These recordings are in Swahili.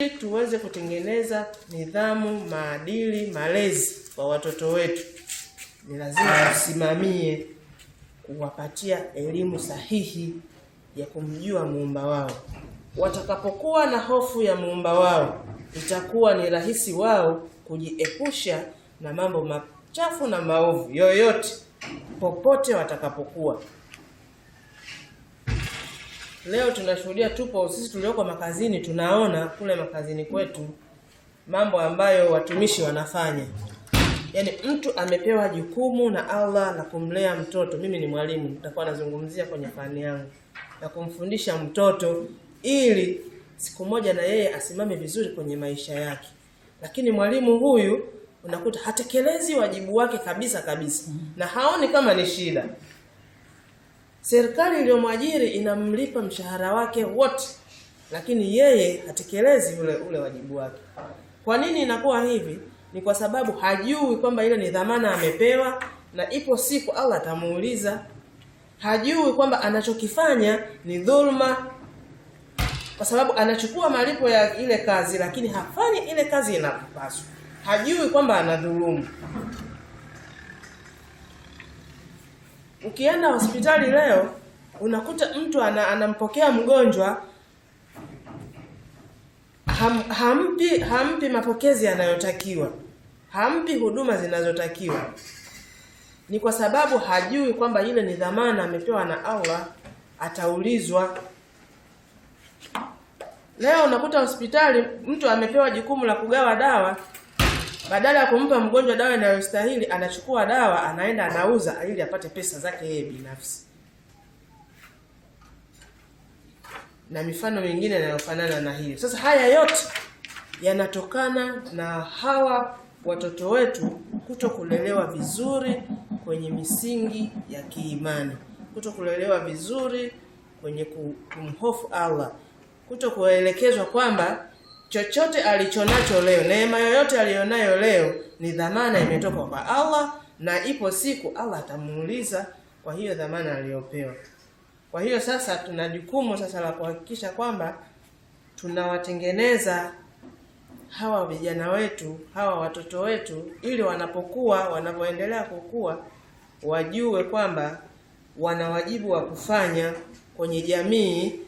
ili tuweze kutengeneza nidhamu, maadili, malezi kwa watoto wetu, ni lazima tusimamie kuwapatia elimu sahihi ya kumjua muumba wao. Watakapokuwa na hofu ya muumba wao, itakuwa ni rahisi wao kujiepusha na mambo machafu na maovu yoyote popote watakapokuwa. Leo tunashuhudia, tupo sisi tulioko makazini, tunaona kule makazini kwetu mambo ambayo watumishi wanafanya. Yaani mtu amepewa jukumu na Allah la kumlea mtoto. Mimi ni mwalimu, nitakuwa nazungumzia kwenye fani yangu na kumfundisha mtoto ili siku moja na yeye asimame vizuri kwenye maisha yake, lakini mwalimu huyu unakuta hatekelezi wajibu wake kabisa kabisa, na haoni kama ni shida serikali iliyomwajiri inamlipa mshahara wake wote, lakini yeye hatekelezi ule ule wajibu wake. Kwa nini inakuwa hivi? Ni kwa sababu hajui kwamba ile ni dhamana amepewa, na ipo siku Allah atamuuliza. Hajui kwamba anachokifanya ni dhulma, kwa sababu anachukua malipo ya ile kazi, lakini hafanyi ile kazi inapaswa. Hajui kwamba anadhulumu. Ukienda hospitali leo unakuta mtu ana, anampokea mgonjwa ham, hampi hampi mapokezi yanayotakiwa, hampi huduma zinazotakiwa. Ni kwa sababu hajui kwamba ile ni dhamana amepewa na Allah, ataulizwa. Leo unakuta hospitali mtu amepewa jukumu la kugawa dawa badala ya kumpa mgonjwa dawa inayostahili, anachukua dawa anaenda anauza ili apate pesa zake yeye binafsi, na mifano mingine inayofanana na hiyo. Sasa haya yote yanatokana na hawa watoto wetu kuto kulelewa vizuri kwenye misingi ya kiimani, kuto kulelewa vizuri kwenye kumhofu Allah, kuto kuelekezwa kwamba chochote alichonacho leo, neema yoyote aliyonayo leo ni dhamana imetoka kwa Allah, na ipo siku Allah atamuuliza kwa hiyo dhamana aliyopewa. Kwa hiyo sasa tuna jukumu sasa la kuhakikisha kwamba tunawatengeneza hawa vijana wetu, hawa watoto wetu, ili wanapokuwa, wanapoendelea kukua, wajue kwamba wana wajibu wa kufanya kwenye jamii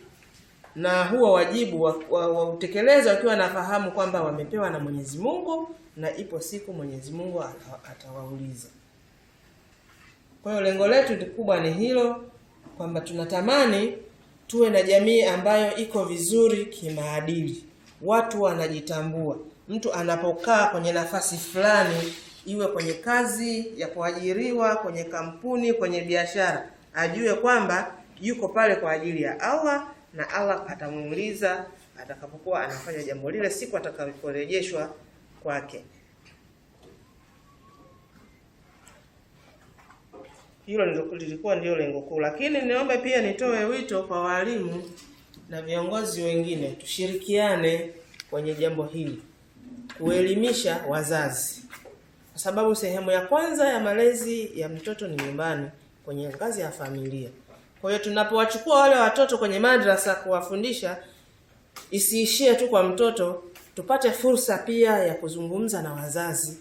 na huo wajibu wautekeleza wa, wa wakiwa nafahamu kwamba wamepewa na Mwenyezi Mungu na ipo siku Mwenyezi Mungu atawauliza. Kwa hiyo lengo letu kubwa ni hilo kwamba tunatamani tuwe na jamii ambayo iko vizuri kimaadili, watu wanajitambua. Mtu anapokaa kwenye nafasi fulani, iwe kwenye kazi ya kuajiriwa, kwenye kampuni, kwenye biashara, ajue kwamba yuko pale kwa ajili ya Allah na Allah atamuuliza atakapokuwa anafanya jambo lile siku atakaporejeshwa kwake. Hilo lilikuwa ndio lengo kuu, lakini niombe pia nitoe wito kwa walimu na viongozi wengine, tushirikiane kwenye jambo hili kuelimisha wazazi, kwa sababu sehemu ya kwanza ya malezi ya mtoto ni nyumbani, kwenye ngazi ya familia. Kwa hiyo tunapowachukua wale watoto kwenye madrasa kuwafundisha, isiishie tu kwa mtoto, tupate fursa pia ya kuzungumza na wazazi,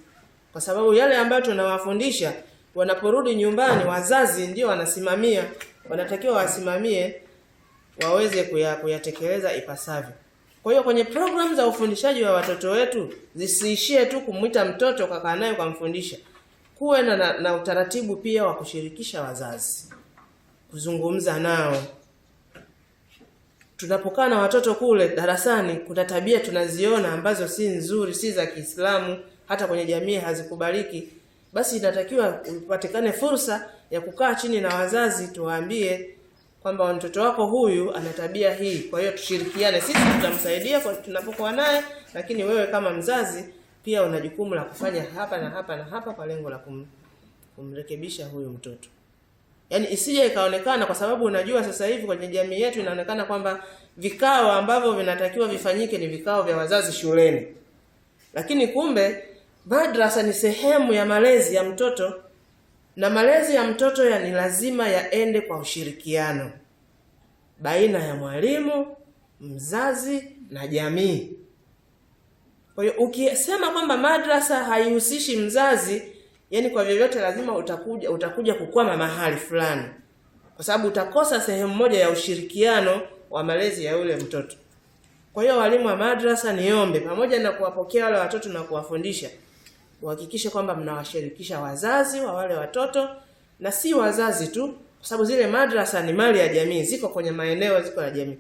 kwa sababu yale ambayo tunawafundisha wanaporudi nyumbani, wazazi ndio wanasimamia, wanatakiwa wasimamie waweze kuyatekeleza ipasavyo. Kwa hiyo kwenye programu za ufundishaji wa watoto wetu zisiishie tu kumwita mtoto kakaa naye kumfundisha, kuwe na, na, na utaratibu pia wa kushirikisha wazazi kuzungumza nao. Tunapokaa na watoto kule darasani, kuna tabia tunaziona ambazo si nzuri, si za Kiislamu, hata kwenye jamii hazikubaliki. Basi inatakiwa upatikane fursa ya kukaa chini na wazazi, tuwaambie kwamba mtoto wako huyu ana tabia hii, kwa hiyo tushirikiane. Sisi tutamsaidia kwa tunapokuwa naye, lakini wewe kama mzazi pia una jukumu la kufanya hapa na hapa na hapa kwa lengo la kum, kumrekebisha huyu mtoto. Yaani isije ikaonekana, kwa sababu unajua sasa hivi kwenye jamii yetu inaonekana kwamba vikao ambavyo vinatakiwa vifanyike ni vikao vya wazazi shuleni, lakini kumbe madrasa ni sehemu ya malezi ya mtoto, na malezi ya mtoto ya ni lazima yaende kwa ushirikiano baina ya mwalimu, mzazi na jamii. Kwa hiyo ukisema kwamba madrasa haihusishi mzazi Yaani kwa vyovyote lazima utakuja utakuja kukwama mahali fulani, kwa sababu utakosa sehemu moja ya ushirikiano wa malezi ya yule mtoto. Kwa hiyo walimu wa madrasa, niombe pamoja na kuwapokea wale watoto na kuwafundisha, uhakikishe kwamba mnawashirikisha wazazi wa wale watoto na si wazazi tu, kwa sababu zile madrasa ni mali ya jamii, ziko kwenye maeneo, ziko ya jamii,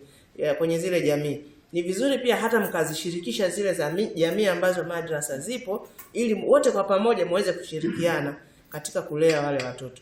kwenye zile jamii. Ni vizuri pia hata mkazishirikisha zile za jamii ambazo madrasa zipo, ili wote kwa pamoja muweze kushirikiana katika kulea wale watoto.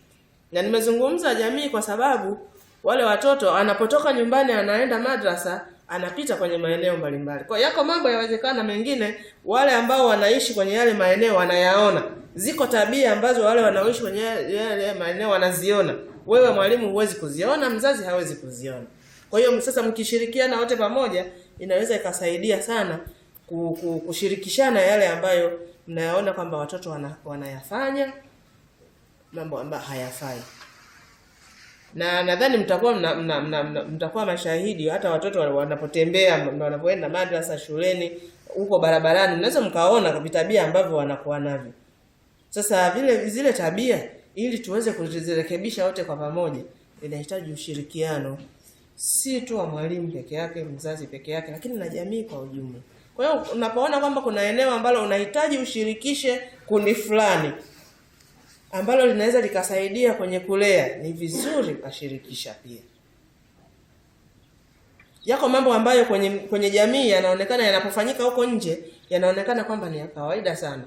Na nimezungumza jamii kwa sababu wale watoto anapotoka nyumbani anaenda madrasa anapita kwenye maeneo mbalimbali. Kwa yako mambo yawezekana mengine wale ambao wanaishi kwenye yale maeneo wanayaona. Ziko tabia ambazo wale wanaoishi kwenye yale maeneo wanaziona. Wewe mwalimu huwezi kuziona, mzazi hawezi kuziona. Kwa hiyo sasa mkishirikiana wote pamoja inaweza ikasaidia sana kushirikishana yale ambayo mnayaona kwamba watoto wana, wanayafanya mambo ambayo hayafai, na nadhani mtakuwa mna, mna, mna, mna, mtakuwa mashahidi hata watoto wanapotembea wanapoenda madrasa, shuleni, huko barabarani, mnaweza mkaona vitabia ambavyo wanakuwa navyo. Sasa vile zile tabia, ili tuweze kuzirekebisha wote kwa pamoja, inahitaji ushirikiano si tu wa mwalimu peke yake, mzazi peke yake, lakini na jamii kwa ujumla. Kwa hiyo unapoona kwamba kuna eneo ambalo unahitaji ushirikishe kundi fulani ambalo linaweza likasaidia kwenye kulea, ni vizuri kashirikisha pia. Yako mambo ambayo kwenye kwenye jamii yanaonekana yanapofanyika huko nje yanaonekana kwamba ni ya kawaida sana,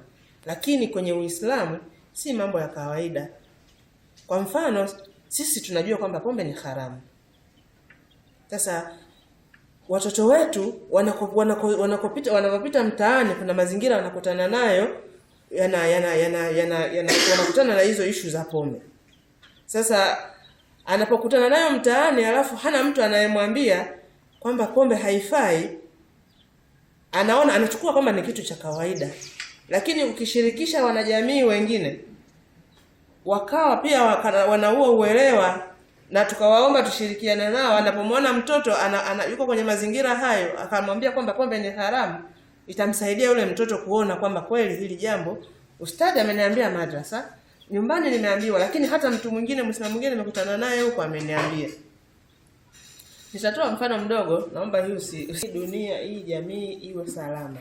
lakini kwenye Uislamu si mambo ya kawaida. Kwa mfano, sisi tunajua kwamba pombe ni haramu sasa watoto wetu wanakopita wanako, wanakopita mtaani, kuna mazingira wanakutana nayo yana yana yana, yana, yana wanakutana na hizo ishu za pombe. Sasa anapokutana nayo mtaani, alafu hana mtu anayemwambia kwamba pombe haifai, anaona anachukua kwamba ni kitu cha kawaida, lakini ukishirikisha wanajamii wengine wakawa pia waka, wanaua uelewa na tukawaomba tushirikiane nao, anapomwona mtoto ana, ana, yuko kwenye mazingira hayo, akamwambia kwamba pombe ni haramu, itamsaidia yule mtoto kuona kwamba kweli hili jambo ustadi ameniambia madrasa, nyumbani nimeambiwa, lakini hata mtu mwingine Muislamu mwingine nimekutana naye huko ameniambia. Nitatoa mfano mdogo, naomba hii usi, usi dunia hii jamii iwe salama.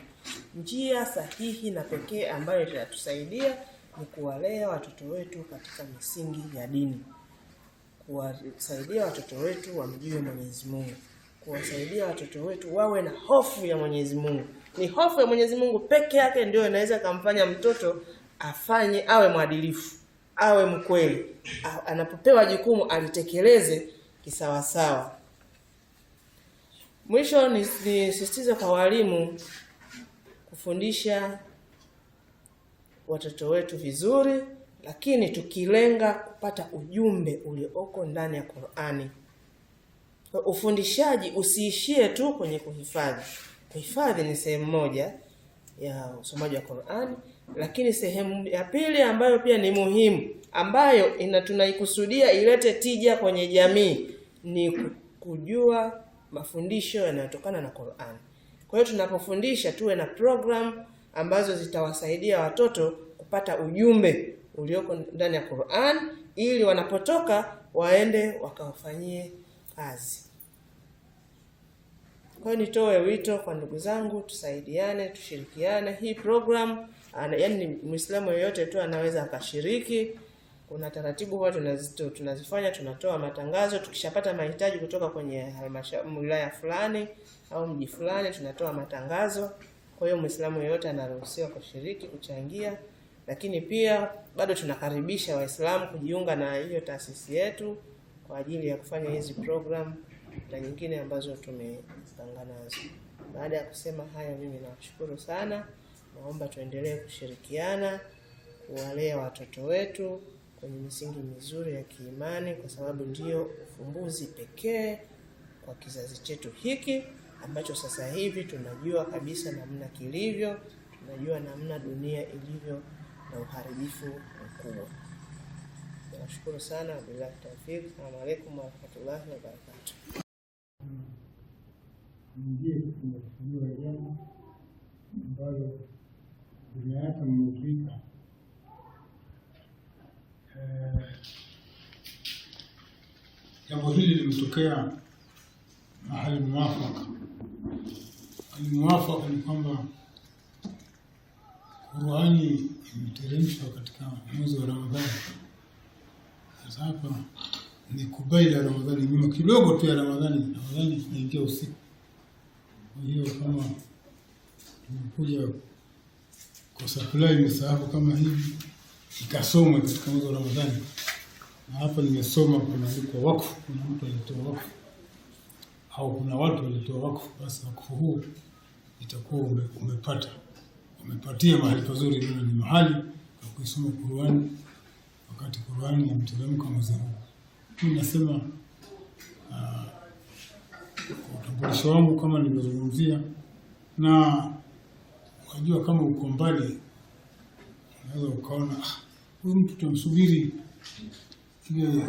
Njia sahihi na pekee ambayo itatusaidia ni kuwalea watoto wetu katika misingi ya dini kuwasaidia watoto wetu wamjue Mwenyezi Mungu, kuwasaidia watoto wetu wawe na hofu ya Mwenyezi Mungu. Ni hofu ya Mwenyezi Mungu peke yake ndio inaweza kumfanya mtoto afanye, awe mwadilifu, awe mkweli, anapopewa jukumu alitekeleze kisawasawa. Mwisho ni, ni sisitizo kwa walimu kufundisha watoto wetu vizuri lakini tukilenga kupata ujumbe ulioko ndani ya Qur'ani. ufundishaji usiishie tu kwenye kuhifadhi. Kuhifadhi ni sehemu moja ya usomaji wa Qur'ani, lakini sehemu ya pili ambayo pia ni muhimu, ambayo ina tunaikusudia ilete tija kwenye jamii ni kujua mafundisho yanayotokana na Qur'ani. Kwa hiyo tunapofundisha, tuwe na program ambazo zitawasaidia watoto kupata ujumbe ulioko ndani ya Qur'an ili wanapotoka waende wakawafanyie kazi. Kwa hiyo nitoe wito kwa ndugu zangu, tusaidiane, tushirikiane. Hii program yaani, Muislamu yeyote tu anaweza akashiriki. Kuna taratibu huwa tunazifanya, tunatoa matangazo. Tukishapata mahitaji kutoka kwenye halmashauri wilaya fulani au mji fulani, tunatoa matangazo. Kwa hiyo Muislamu yeyote anaruhusiwa kushiriki, kuchangia, lakini pia bado tunakaribisha Waislamu kujiunga na hiyo taasisi yetu kwa ajili ya kufanya hizi program na nyingine ambazo tumepanga nazo. Baada ya kusema hayo, mimi nawashukuru sana. Naomba tuendelee kushirikiana kuwalea watoto wetu kwenye misingi mizuri ya kiimani, kwa sababu ndio ufumbuzi pekee kwa kizazi chetu hiki ambacho sasa hivi tunajua kabisa namna kilivyo, tunajua namna dunia ilivyo na uharibifu mkubwa. Nashukuru sana, billahi tawfik. Assalamu alaikum warahmatullahi wabarakatu. Ingie tumefuliwa jambo ambalo dunia yake mmefika eh, jambo hili limetokea mahali muwafaka. Hali muwafaka ni kwamba Qurani imeteremshwa katika mwezi wa Ramadhani. Sasa hapa ni kubaila Ramadhani, nyuma kidogo tu ya Ramadhani. Ramadhani inaingia usiku, kwa hiyo kama tumekuja kwa supply msahafu kama hivi ikasomwa katika mwezi wa Ramadhani, na hapa nimesoma kuna wakfu, kuna mtu alitoa wakfu au kuna watu walitoa wakfu, basi wakfu huu itakuwa umepata umepatia mahali pazuri, na ni mahali pa kuisoma Qur'ani wakati Qur'ani inamteremka mwezi huu. Mimi nasema ah, kwa utambulisho wangu kama nimezungumzia, na unajua kama uko mbali unaweza ukaona ah, huyu mtu tamsubiri ile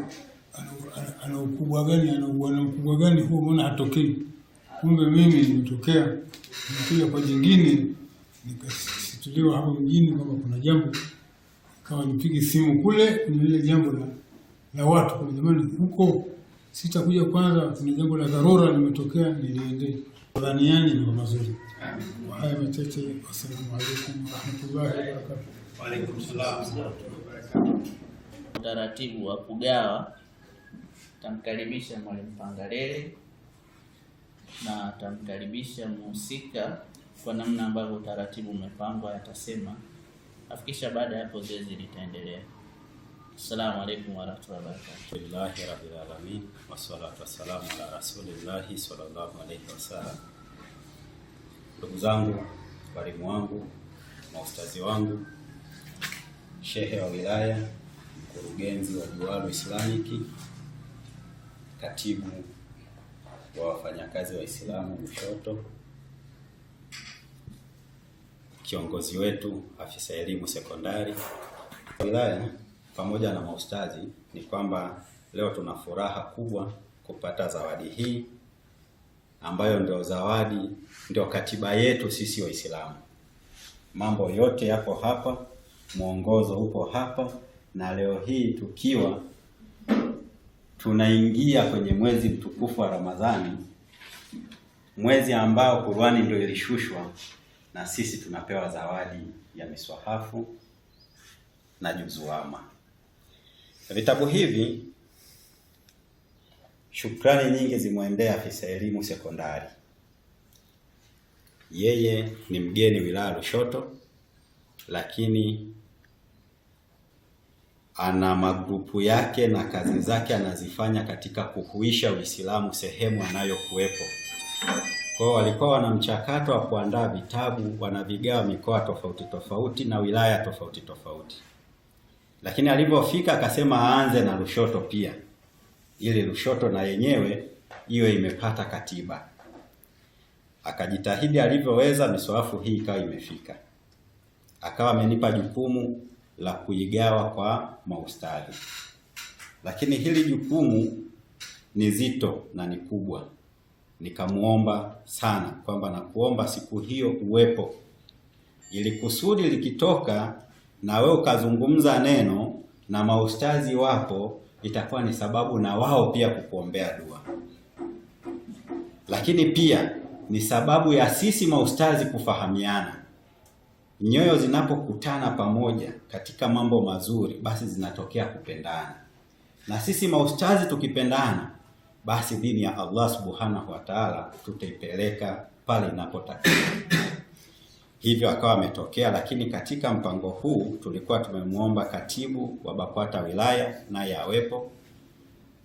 ana ukubwa gani, ana ukubwa gani huo, mbona hatokei? Kumbe mimi nimetokea, nimekuja kwa jingine nikas kufuatiliwa hapo mjini kwamba kuna jambo, kama nipige simu kule kuna lile jambo la, la watu kwa jamani, huko sitakuja kwanza, kuna jambo la dharura limetokea, niliende dhaniani na mazuri. Haya machache, wassalamu alaikum warahmatullahi wabarakatuh. Wa alaikum salaam wa barakatuh. Utaratibu wa kugawa tamkaribisha Mwalimu Pangalele na tamkaribisha mhusika kwa namna ambavyo utaratibu umepangwa yatasema, afikisha. Baada ya hapo zoezi litaendelea. Assalamu alaykum wa rahmatullahi wa barakatuh. wassalatu wassalamu ala rasulillahi sallallahu alayhi wasallam. Ndugu zangu, walimu wangu, maustazi wangu, shehe wa wilaya, mkurugenzi wa Juwalo Islamiki, katibu wa wafanyakazi Waislamu Lushoto kiongozi wetu, afisa elimu sekondari wilaya pamoja na maustazi, ni kwamba leo tuna furaha kubwa kupata zawadi hii ambayo ndio zawadi, ndio katiba yetu sisi Waislamu. Mambo yote yapo hapa, mwongozo upo hapa, na leo hii tukiwa tunaingia kwenye mwezi mtukufu wa Ramadhani, mwezi ambao Qur'ani ndio ilishushwa na sisi tunapewa zawadi ya miswahafu na juzuama. Vitabu hivi shukrani nyingi zimwendea afisa elimu sekondari. Yeye ni mgeni wilaya Lushoto, lakini ana magrupu yake na kazi zake anazifanya katika kuhuisha Uislamu sehemu anayokuwepo. Kwa hiyo walikuwa wana mchakato wa kuandaa vitabu, wanavigawa mikoa tofauti tofauti na wilaya tofauti tofauti, lakini alipofika akasema aanze na Lushoto pia, ili Lushoto na yenyewe iwe imepata katiba. Akajitahidi alivyoweza, miswafu hii ikawa imefika, akawa amenipa jukumu la kuigawa kwa maustadhi, lakini hili jukumu ni zito na ni kubwa nikamwomba sana kwamba nakuomba siku hiyo uwepo, ili kusudi likitoka na wewe ukazungumza neno na maustazi wapo, itakuwa ni sababu na wao pia kukuombea dua, lakini pia ni sababu ya sisi maustazi kufahamiana. Nyoyo zinapokutana pamoja katika mambo mazuri, basi zinatokea kupendana, na sisi maustazi tukipendana basi dini ya Allah subhanahu wa ta'ala tutaipeleka pale inapotakiwa. Hivyo akawa ametokea, lakini katika mpango huu tulikuwa tumemwomba katibu wa BAKWATA wilaya naye awepo.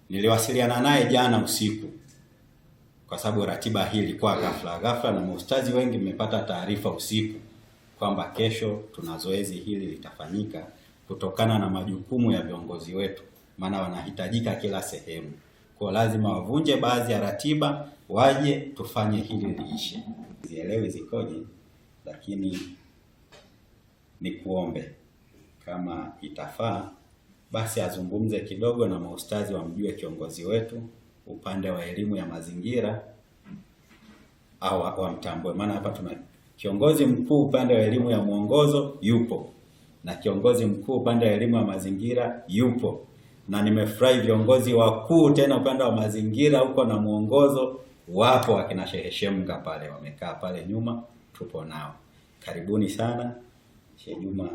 Niliwasiliana naye jana usiku kwa sababu ratiba hii ilikuwa ghafla ghafla, na maustazi wengi mmepata taarifa usiku kwamba kesho tuna zoezi hili litafanyika, kutokana na majukumu ya viongozi wetu, maana wanahitajika kila sehemu. Kwa lazima wavunje baadhi ya ratiba, waje tufanye hili liishe. Zielewi zikoje, lakini ni kuombe kama itafaa basi azungumze kidogo na maustazi wamjue kiongozi wetu upande wa elimu ya mazingira au wamtambue, maana hapa tuna kiongozi mkuu upande wa elimu ya mwongozo yupo, na kiongozi mkuu upande wa elimu ya mazingira yupo na nimefurahi viongozi wakuu tena upande wa mazingira huko na mwongozo wapo wakina Shehe pale wamekaa pale nyuma, tupo nao. Karibuni sana. Shehe Juma,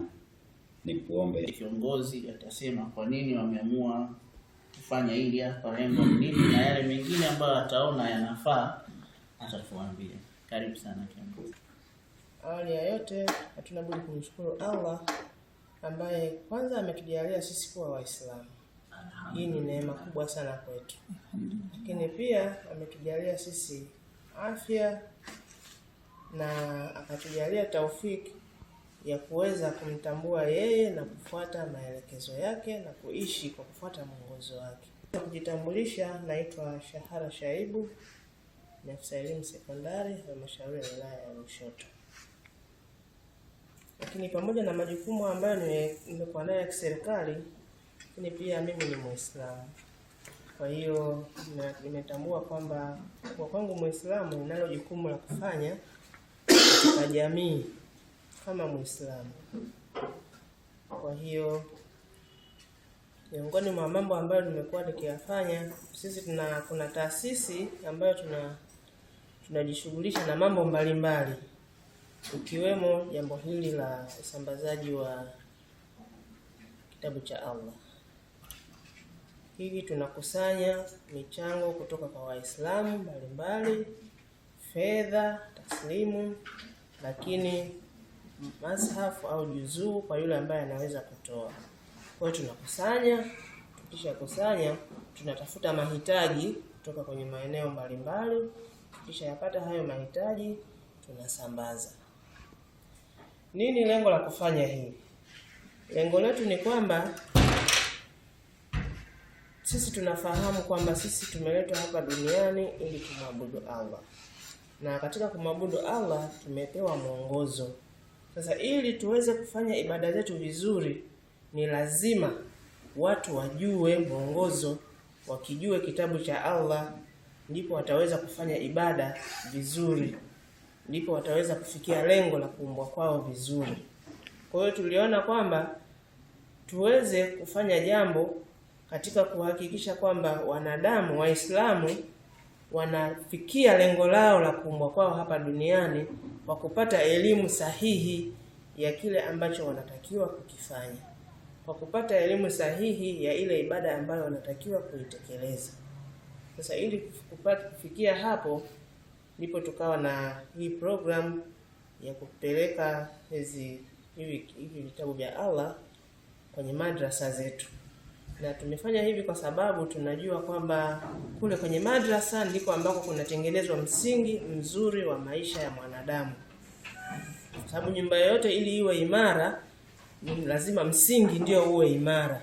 nikuombe. Kiongozi atasema kwa nini wameamua kufanya hili hapa, lengo nini, na yale mengine ambayo ataona yanafaa atatuambia. Karibu sana kiongozi. Awali ya yote, hatuna budi kumshukuru Allah ambaye kwanza ametujalia sisi kuwa Waislamu hii ni neema kubwa sana kwetu, lakini pia ametujalia sisi afya na akatujalia taufiki ya kuweza kumtambua yeye na kufuata maelekezo yake na kuishi kwa kufuata mwongozo wake. kujitambulisha, naitwa Shahara Shaibu, ni afisa elimu sekondari halmashauri ya wilaya ya Lushoto. Lakini pamoja na majukumu ambayo nimekuwa nayo ya kiserikali lakini pia mimi ni Muislamu. Kwa hiyo nimetambua kwamba kwa kwangu Muislamu ninalo jukumu la kufanya na jamii kama Muislamu. Kwa hiyo miongoni mwa mambo ambayo nimekuwa nikiyafanya, sisi tuna kuna taasisi ambayo tuna tunajishughulisha na mambo mbalimbali ikiwemo jambo hili la usambazaji wa kitabu cha Allah hivi tunakusanya michango kutoka kwa Waislamu mbalimbali, fedha taslimu, lakini mashafu au juzuu kwa yule ambaye anaweza kutoa. Kwa tunakusanya, tukisha kusanya tunatafuta mahitaji kutoka kwenye maeneo mbalimbali, kisha yapata hayo mahitaji tunasambaza. Nini lengo la kufanya hii? Lengo letu ni kwamba sisi tunafahamu kwamba sisi tumeletwa hapa duniani ili kumwabudu Allah, na katika kumwabudu Allah tumepewa mwongozo. Sasa ili tuweze kufanya ibada zetu vizuri, ni lazima watu wajue mwongozo, wakijue kitabu cha Allah, ndipo wataweza kufanya ibada vizuri, ndipo wataweza kufikia lengo la kuumbwa kwao vizuri. Kwa hiyo tuliona kwamba tuweze kufanya jambo katika kuhakikisha kwamba wanadamu Waislamu wanafikia lengo lao la kuumbwa kwao hapa duniani kwa kupata elimu sahihi ya kile ambacho wanatakiwa kukifanya, kwa kupata elimu sahihi ya ile ibada ambayo wanatakiwa kuitekeleza. Sasa ili kupata kufikia hapo, ndipo tukawa na hii program ya kupeleka hizi hivi vitabu vya Allah kwenye madrasa zetu na tumefanya hivi kwa sababu tunajua kwamba kule kwenye madrasa ndiko ambako kunatengenezwa msingi mzuri wa maisha ya mwanadamu, kwa sababu nyumba yoyote ili iwe imara lazima msingi ndio uwe imara.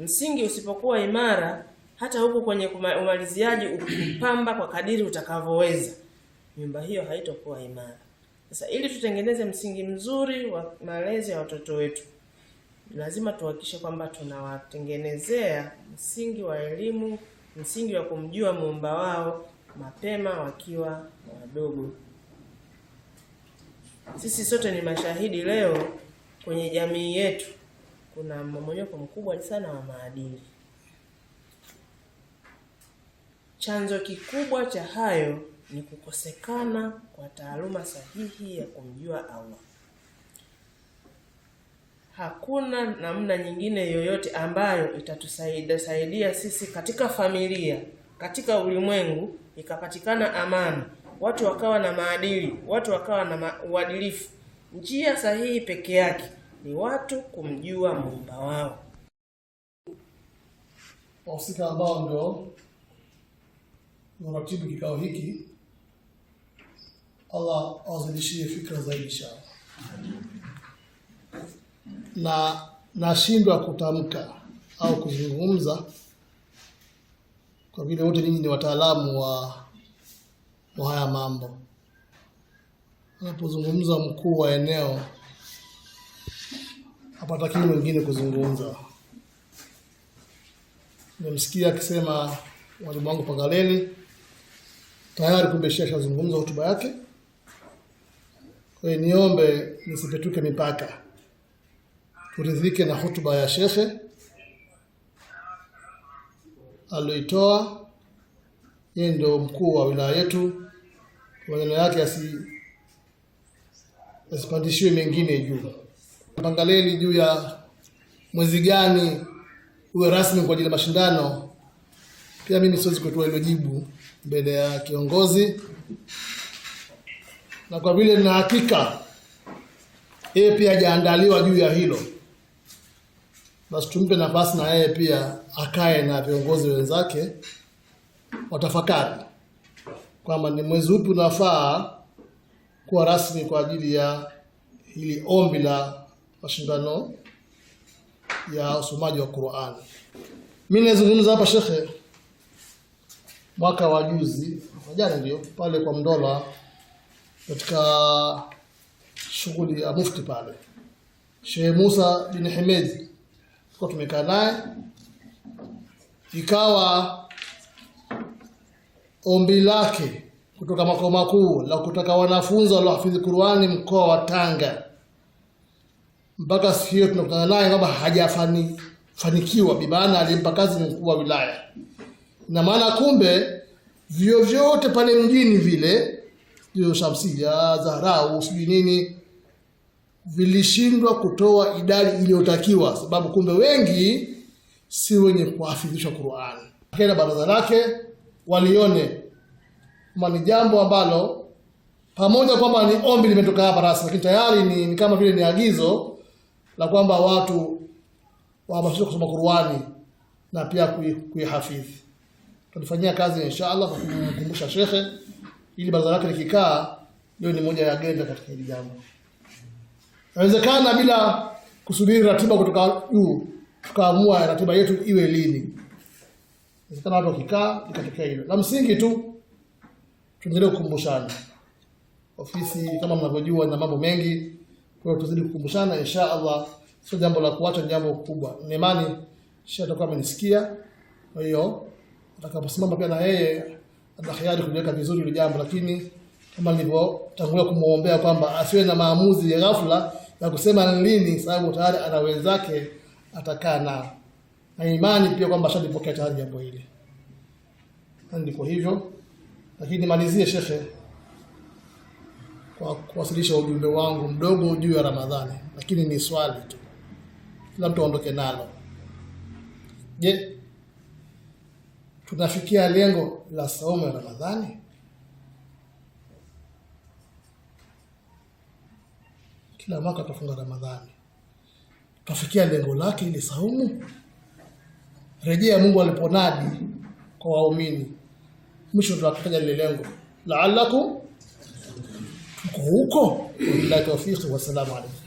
Msingi usipokuwa imara, hata huku kwenye umaliziaji ukipamba kwa kadiri utakavyoweza, nyumba hiyo haitokuwa imara. Sasa ili tutengeneze msingi mzuri wa malezi ya watoto wetu lazima tuhakikishe kwamba tunawatengenezea msingi wa elimu, msingi wa kumjua muumba wao mapema wakiwa wadogo. Sisi sote ni mashahidi leo, kwenye jamii yetu kuna mmomonyoko mkubwa sana wa maadili. Chanzo kikubwa cha hayo ni kukosekana kwa taaluma sahihi ya kumjua Allah hakuna namna nyingine yoyote ambayo itatusaidia saidia sisi katika familia, katika ulimwengu ikapatikana amani, watu wakawa na maadili, watu wakawa na uadilifu. Njia sahihi peke yake ni watu kumjua muumba wao. Wahusika ambao ndio naratibu kikao hiki, Allah awazidishie fikra zaidi inshallah na nashindwa kutamka au kuzungumza kwa vile wote ninyi ni wataalamu wa, wa haya mambo. Anapozungumza mkuu wa eneo hapatakini mwingine kuzungumza. Nimemsikia akisema mwalimu wangu Pagaleni tayari, kumbeshia shazungumza hotuba yake. Kwa hiyo niombe nisipetuke mipaka turidhike na hutuba ya shekhe aliyoitoa. Yeye ndio mkuu wa wilaya yetu, maneno yake yasipandishiwe mengine juu. Pangaleni juu ya mwezi gani uwe rasmi kwa ajili ya mashindano. Pia mimi siwezi kutoa hilo jibu mbele ya kiongozi, na kwa vile nina hakika yeye pia hajaandaliwa juu ya hilo basi tumpe nafasi na yeye pia akae na viongozi wenzake watafakari kwamba ni mwezi upi unafaa kuwa rasmi kwa ajili ya hili ombi la mashindano ya usomaji wa Qur'an. Mimi nazungumza hapa shekhe, mwaka wa juzi jana ndio pale kwa mdola katika shughuli ya mufti pale Sheikh Musa bin Hemedi kwa tumekaa naye ikawa ombi lake kutoka makao makuu la kutaka wanafunzi waliohafidhi Qur'ani mkoa wa Tanga mpaka siku hiyo tunakutana naye kwamba hajafanikiwa, bi maana alimpa kazi mkuu wa wilaya. na maana kumbe vyo vyote pale mjini vile, ndio Shamsia, Zahrau, sijui nini vilishindwa kutoa idadi iliyotakiwa, sababu kumbe wengi si wenye kuhafidhishwa Qur'ani. Kenda baraza lake walione ma ni jambo ambalo pamoja kwamba ni ombi limetoka hapa rasmi, lakini tayari ni, ni kama vile ni agizo la kwamba watu wahamasishwe kusoma Qur'ani na pia kuihafidhi. tutafanyia kazi inshallah kwa kumkumbusha shekhe, ili baraza lake likikaa, hiyo ni moja ya agenda katika hili jambo. Inawezekana bila kusubiri ratiba kutoka juu, tukaamua ratiba yetu iwe lini. Inawezekana watu wakikaa ikatokea hilo. La msingi tu tuendelee kukumbushana. Ofisi kama mnavyojua ina mambo mengi, kwa hiyo tuzidi kukumbushana insha Allah. Sio jambo la kuacha, jambo kubwa. Ni imani Sheikh atakuwa amenisikia. Kwa hiyo atakaposimama pia na yeye ana hiari kuliweka vizuri ile jambo, lakini kama nilivyotangulia kumuombea kwamba asiwe na maamuzi ya ghafla la kusema ni lini, sababu tayari ana wenzake atakaa nao na imani pia kwamba ashalipokea tayari jambo hili. Ndiko hivyo, lakini nimalizie shekhe kwa kuwasilisha ujumbe wangu mdogo juu ya Ramadhani, lakini ni swali tu, kila mtu aondoke nalo. Je, tunafikia lengo la saumu ya Ramadhani? Kila mwaka tutafunga Ramadhani, tafikia lengo lake ile saumu. Rejea Mungu aliponadi kwa waumini, mwisho tutakutaja lile lengo laalakum. Tuko huko, billahi wa salamu alaykum.